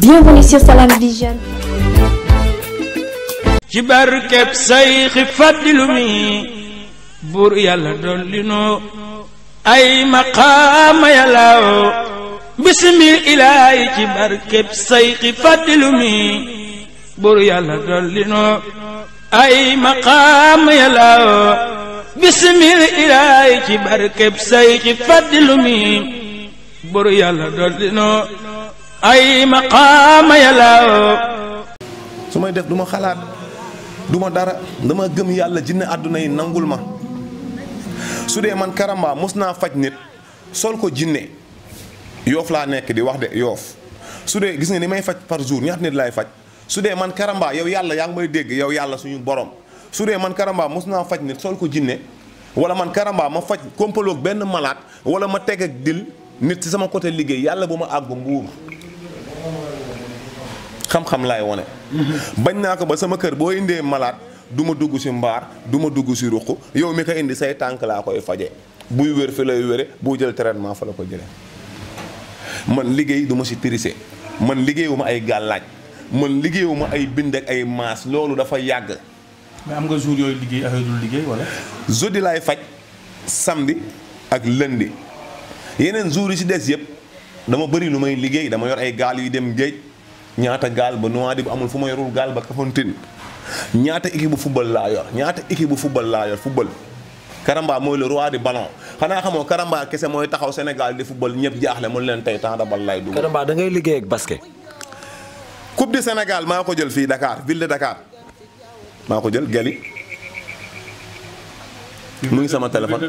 Bienvenue sur Salam Vision. ci yàlla dolli noo ay maqaama yàllaaw bismil ilaahi ci barkeb Sayxi Fadilu mi ay maqaama yàllaaw bismil ilaahi ci barkeb Sayxi Fadilu mi ay maqaama yàlla su may def du ma xalaat duma dara dama gëm yàlla jinne àdduna yi nangul ma su dee man Karamba mos naa faj nit sol ko jinne yoof laa nekk di wax de yoof su dee gis nga ni may faj par jour ñaata nit laay faj su dee man Karamba yow yàlla yaa ngi may dégg yow yàlla suñu borom su dee man Karamba mos naa faj nit sol ko jinne wala man Karamba ma faj kompaloog benn malaat wala ma teg ak dil nit ci sama côté liggéey yàlla bu ma àgg mbuur xam-xam laay wone bañ naa ko ba sama kër boo indee malaat du ma dugg si mbaar du ma dugg si ruq yow mi ko indi say tànk laa koy faje buy wér fi lay wére boo jël traitement fa la ko jële man liggéey duma ci si man liggéeyuma ay gàllaaj man liggéeyuma ay bind ak ay maas loolu dafa yàgg mais am nga jour yooyu liggéey ak dul liggéey wala jeudi laay faj samedi ak lëndi yeneen jour yi ci des yëpp dama bari lu may liggéey dama yor ay gaal yu dem géej ñaata gaal ba Nouadhibou amul fu ma yorul gaal ba Kafountine ñaata équipe bu football laa yor ñaata équipe bu football laa yor football. Karamba mooy le roi du ballon xanaa xamoo Karamba kese mooy taxaw senegal di football ñëpp jaaxle mu leen tey temps de bal lay dugg. Karamba da ngay liggéey ak basket. senegal maa ko jël fii Dakar ville de Dakar maa ko jël Gali. mu ngi sama téléphone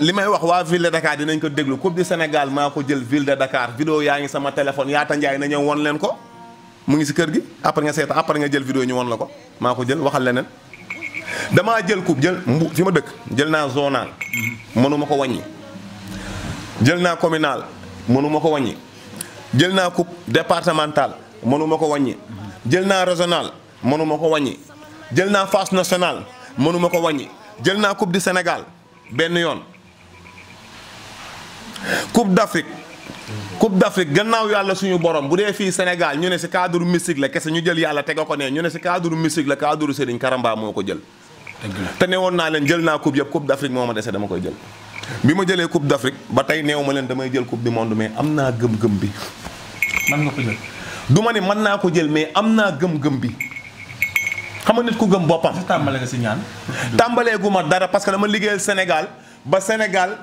li may wax waa ville de Dakar dinañ ko déglu coupe du Sénégal maa ko jël ville de Dakar vidéo yaa ngi sama téléphone yaata njaay na ñëw won leen ko mu ngi si kër gi après nga seeta après nga jël vidéo ñu won la ko maa ko jël waxal leneen damaa jël coupe jël mbu fi ma dëkk jël naa zonal mënuma ko wàññi jël naa communal mënuma ko wàññi jël naa coupe départemental mënuma ko waññi jël naa régional mënuma ko wàññi jël naa phase nationale mënuma ko wàññi jël naa coupe du Sénégal benn yoon coupe d'Afrique coupe d'Afrique gannaaw yàlla suñu borom bu dee fii Sénégal ñu ne si cadre mystique la kese ñu jël yàlla tega ko ne ñu ne si cadre mystique la cadre Serigne Karamba moo ko jël. te ne woon naa leen jël naa coupe yëpp coupe d'Afrique moo ma dese dama koy jël. bi ma jëlee coupe d'Afrique ba tey neew ma leen damay jël coupe du monde mais am naa gëm-gëm bi. man nga ma ne mën naa ko jël mais am naa gëm-gëm bi. xam nga nit ku gëm boppam. tàmbale nga si ñaan. tàmbalee ma dara parce que dama liggéeyal Sénégal ba Sénégal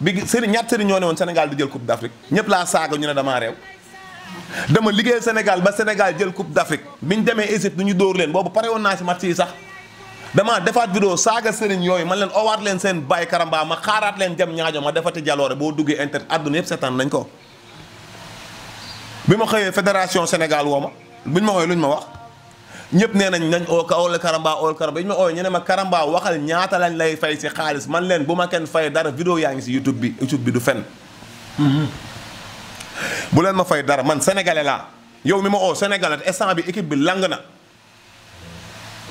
bi sëriñ ñaat sëriñ ñoo ne woon Sénégal di jël coup d' Afrique ñëpp laa saaga ñu ne damaa réew. dama liggéeyal Sénégal ba Sénégal jël coupe d' bi ñu demee Égypte nu ñu dóor leen boobu pare woon naa si mat yi sax. damaa defaat vidéo saaga sëriñ yooyu ma leen owaat leen seen bàyyi karamba ma xaaraat leen jam ñaajo ma defati jaloore boo duggee internet àdduna yëpp seetaan nañ ko. bi ma xëyee fédération Sénégal woo ma buñ ma xëyee luñ ma wax ñëpp nee nañ nañ oo ka ool karamba ool karamba ñu ma oo ñu ne ma karamba waxal ñaata lañ lay fay si xaalis man leen bu ma kenn fay dara vidéo yaa ngi si YouTube bi YouTube bi du fen mm-hmm. bu leen ma fay dara man sénégalais laa yow mi ma oo sénégalais instant bi équipe bi lang na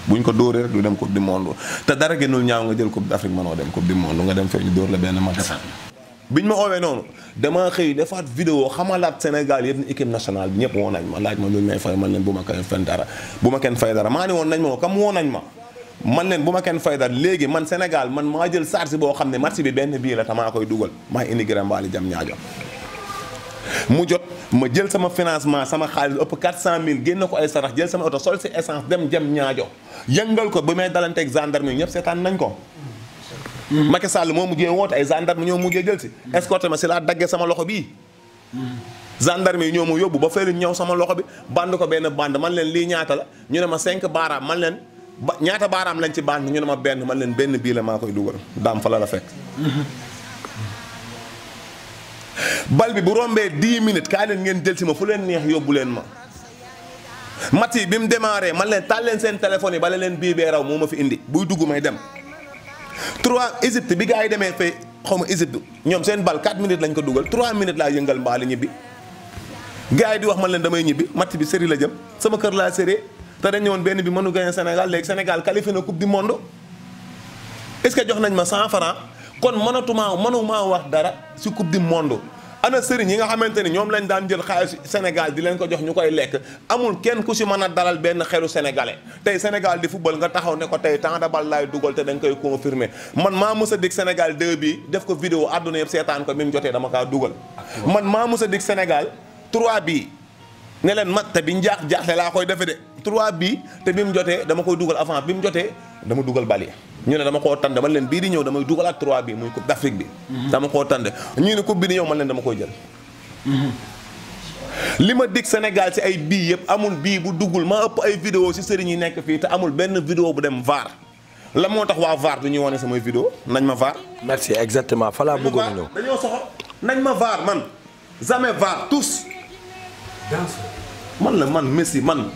buñ ko dóoree rek du dem coupe di monde te dara gënul ñaaw nga jël coupe d'Afrique manoo dem coupe du monde nga dem fee ñu dóor la benn match biñ ma oowee noonu damaa xëy defaat vidéo xamalaat Sénégal yëpp ni équipe nationale bi ñëpp woo nañ ma laaj ma luñ may fay man leen bu ma kenn fay dara bu ma kenn fay dara maa ne woon nañ ma ko comme woo ma man leen bu ma kenn fay dara léegi man Sénégal man maa jël charge boo xam ne match bi benn bii la tamaa koy dugal maa indi gërëm baali jam ñaajo mu jot ma jël sama financement sama xaalis ëpp cent mille génn ko ay sarax jël sama oto sol si essence dem ñaajo yëngal ko ba may dalanteeg gendarme yi ñëpp seetaan nañ ko Mhm. Macky Sall moo mujjee woote ay gendarme ñoo mujjee jël si. Mhm. escorté ma si laa daggee sama loxo bii. gendarme yi ñoo ma yóbbu ba fay ñëw sama loxo bi band ko benn band man leen lii ñaata la ñu ne ma cinq baaraam man leen ba ñaata baaraam lañ ci band ñu ne benn man leen benn bii la koy dugal daam la la fekk. Mhm. bi bu rombee 10 minutes kaa ngeen jël si ma fu leen neex yóbbu leen ma. Mati bi mu démarré man leen taal leen seen téléphone yi bala leen bii bee raw moo ma fi indi buy dugg may dem. trois Égypte bi gaa yi demee fee xaw ma Égypte ñoom seen bal 4 minutes lañ ko dugal 3 minutes laa yëngal mbaali ñibbi. gars yi di wax ma leen damay ñibbi match bi série la jëm sama kër laa série te dañ ñëwoon benn bi mënu gagné Sénégal léegi Sénégal kalifi na coupe du monde est-ce que jox nañ ma 100 francs kon mënatuma mënuma wax dara si coupe du monde. ana sëriñ ñi nga xamante ni ñoom lañ daan jël xaalis Sénégal di leen ko jox ñu koy lekk amul kenn ku si mën a dalal benn xelu sénégalais tey Sénégal di football nga taxaw ne ko tey temps de balle dugal te dañ koy confirmer man maa mës a dig Sénégal 2 bi def ko vidéo àdduna yëpp seetaan ko bi mu jotee dama kaa dugal man maa mës a dig Sénégal 3 bi ne leen mat te bi njaax jaaxle laa koy defe de 3 bi te bi mu jotee dama koy dugal avant bi mu jotee dama dugal bali ñu ne dama koo tànn man leen bii di ñëw damay dugalaat trois bi muy ko d'Afrique bi. Mhm. dama koo tànn ñu ne ko bi di ñëw man leen dama koy jël. Mhm. li ma dig Sénégal ci ay bii yëpp amul bii bu duggul ma ëpp ay vidéo ci sëriñ yi nekk fii te amul benn vidéo bu dem VAR la moo tax waa VAR du ñuy wane samay vidéo nañ ma VAR. merci exactement fa laa bëggoon a ñëw dañoo soxor nañ ma vaar man jamais VAR tous. man la man Messi man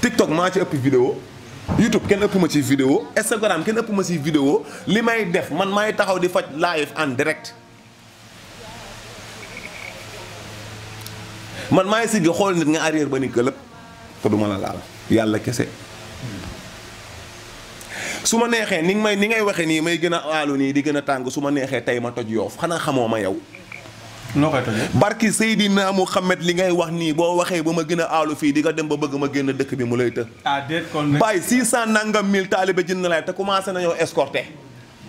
TikTok maa ci ëpp vidéo YouTube kenn ëpp ma ci vidéo Instagram kenn ëpp ma ci vidéo li may def man may taxaw di faj live en direct man maay sigg xool nit nga arrière ba ni këlëb te du ma la laal yàlla kese su ma neexee ni may ni ngay waxee nii may gën a aalu nii di gën a tàng su ma neexee tey ma toj yoof xanaa xamoo ma yow noo koy tojee barki Seydina Muhammad li ngay wax nii boo waxee ba ma gën a alo fii di nga dem ba bëgg ma génn dëkk bi mu lay të. ah déet kon nag bàyyi 600 nangam 1000 taalibe jënd na laay te commencé nañoo escorté.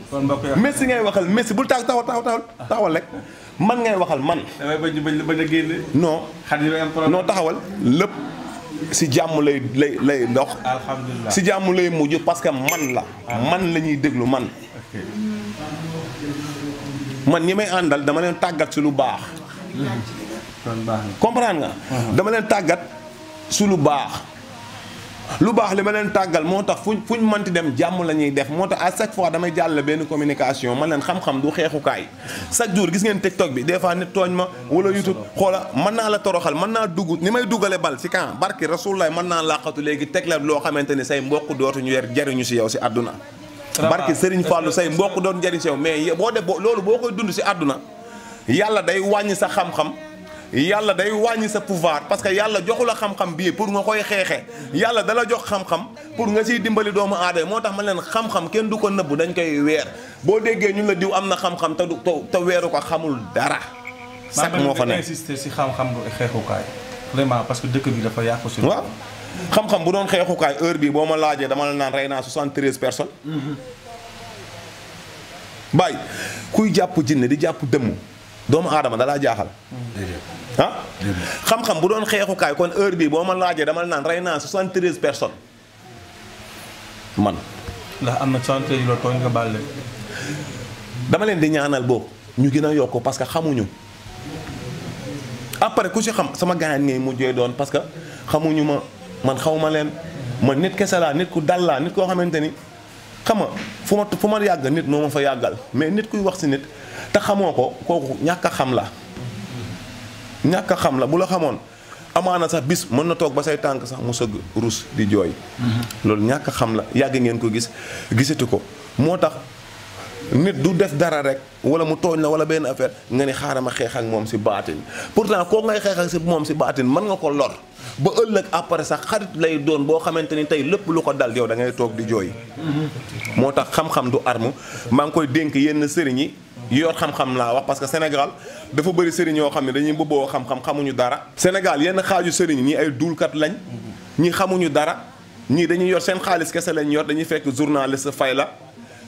kon mbokk yi Messi ngay waxal Messi bul taxaw taxaw taxawal ah. taxawal rek man ngay waxal man. damay bañ bañ bañ a génne. non non taxawal lépp. si jàmm lay lay lay ndox. alhamdulilah si jàmm lay mujj parce que man la. Ah. man la ñuy déglu man. man ñi may àndal dama leen tàggat si lu baax. comprendre nga. dama leen tàggat su lu baax. lu baax li ma leen tàggal moo tax fuñ fuñ mënti dem jàmm la ñuy def moo tax à chaque fois damay jàll benn communication ma leen xam-xam du xeexukaay chaque jour gis ngeen TikTok bi des fois nit tooñ ma wala YouTube xoola mën naa la toroxal mën naa dugg ni may duggale bal si kan barki rasulullaay mën naa làqatu léegi teg la loo xamante ni say mbokk dootuñu yer jariñu si yow si àdduna barke Serigne Fallou say mbokk doon njëriñ si yow mais boo def loolu boo koy dund si àdduna yàlla day wàññi sa xam-xam yàlla day wàññi sa pouvoir parce que yàlla joxu la xam-xam bii pour nga koy xeexe yàlla dala jox xam-xam pour nga siy dimbali doomu aadama moo tax ma leen xam-xam kenn du ko nëbb dañ koy weer boo déggee ñu la diw am na xam-xam te du te weeru ko xamul dara. sax moo fa ne insister si xam-xam bu xeexukaay vraiment parce que dëkk bi dafa yàqu xam-xam bu doon xeexukaay heure bii boo ma laajee dama la naan rey naa 73 personnes. bàyyi kuy jàpp jinne di jàpp dëmm doomu aadama da laa jaaxal. Ah? xam-xam bu doon xeexukaay kon heure bii boo ma laajee dama la naan rey naa 73 personnes man. am na 73 loolu tooñ nga baal leen. dama leen di ñaanal boobu ñu gën a yokk parce que xamuñu. après ku ci xam sama gaañ ngay mujjee doon parce que xamuñu ma. man xaw ma leen man nit kese laa nit ku dal laa nit koo xamante ni xam nga fu ma fu ma yàgg nit moo ma fa yàggal mais nit kuy wax si nit te xamoo ko kooku ñàkk a xam la. ñàkk a xam la bu la xamoon amaana sax bis mën na toog ba say tànk sax mu sëgg rus di jooy. Mhm. loolu ñàkk a xam la yàgg ngeen ko gis gisatu ko moo tax. nit du def dara rek wala mu tooñ la wala benn affaire nga ni xaaral ma xeex ak moom si baatin pourtant koo ngay xeex ak si moom si baatin mën nga ko lor ba ëllëg après sax xarit lay doon boo xamante ni tey lépp lu ko dal yow da ngay toog di jooy. moo tax xam-xam du armu maa ngi koy dénk yenn sëriñ yi yor xam-xam laa wax parce que Sénégal dafa bëri sëriñ yoo xam ne dañuy bëbboo xam-xam xamuñu dara. Sénégal yenn xaaju sëriñ ñi ay duulkat lañ ñi xamuñu dara ñii dañuy yor seen xaalis kese lañ yor dañuy fekk journaliste fay la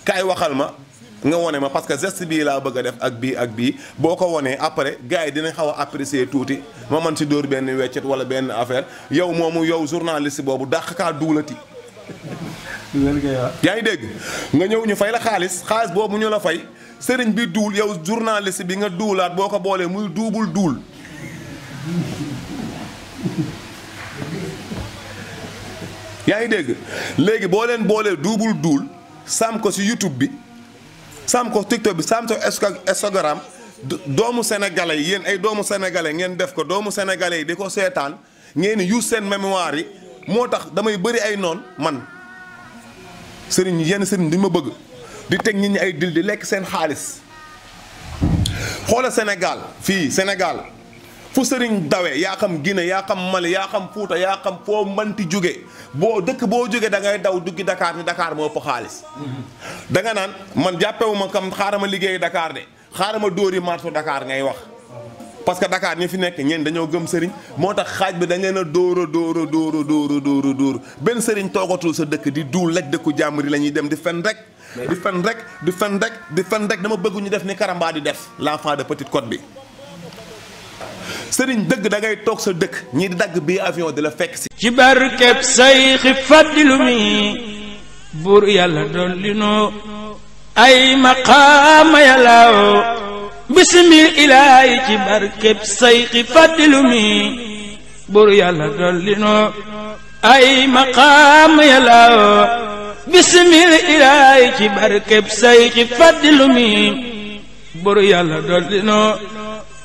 kaay waxal ma nga wone ma parce que geste bii laa bëgg a def ak bii ak bii boo ko wonee après gars yi dinañ xaw a apprécier tuuti ma man si dóor benn weccet wala benn affaire yow moomu yow journaliste boobu dàq kaa dugalati. yaa ngi dégg nga ñëw ñu fay la xaalis xaalis boobu ñu la fay sëriñ bi duul yow journaliste bi nga duulaat boo ko boolee muy duubul duul. yaa ngi dégg léegi boo leen boolee duubul duul sam ko si YouTube bi. saam ko TikTok bi saam ko Instagram doomu sénégalais yi yéen ay doomu sénégalais ngeen def ko doomu sénégalais yi di ko seetaan ngeen di use seen mémoire yi moo tax damay bëri ay noon man sëriñ yenn sëriñ duñ ma bëgg di teg nit ñi ay dil di lekk seen xaalis xoola senegaal fii Sénégal. fu sëriñ dawe yaa xam Guinée yaa xam Mali yaa xam Fuuta yaa xam foo manti jóge boo dëkk boo jógee da ngay daw duggi Dakar ni dakaar moo ëpp xaalis da nga naan man jàppewu ma kam xaaral ma liggéey Dakar de xaaral ma dóor dóori marto dakaar ngay wax parce que Dakar ñi fi nekk ñeen dañoo gëm sëriñ moo tax xaaj bi da ngeen a dóora dóora dóora dóora dóora benn sëriñ toogatul sa dëkk di duul laj dëkku jàmbur yi la ñuy dem di fen rek di fen rek di fen rek di fen rek dama bëgg ñu def ni Karamba di def l'enfant de Petite Côte bi sëriñ dëgg da toog sa dëkk ñii dagg bii avion di la fekk ci barkeb say xi fàddilu mi yàlla dolli noo ay maqaama yàllaaw bisimil yàlla dolli ilaahi ci barkeb say xi fàddilu mi yàlla dolli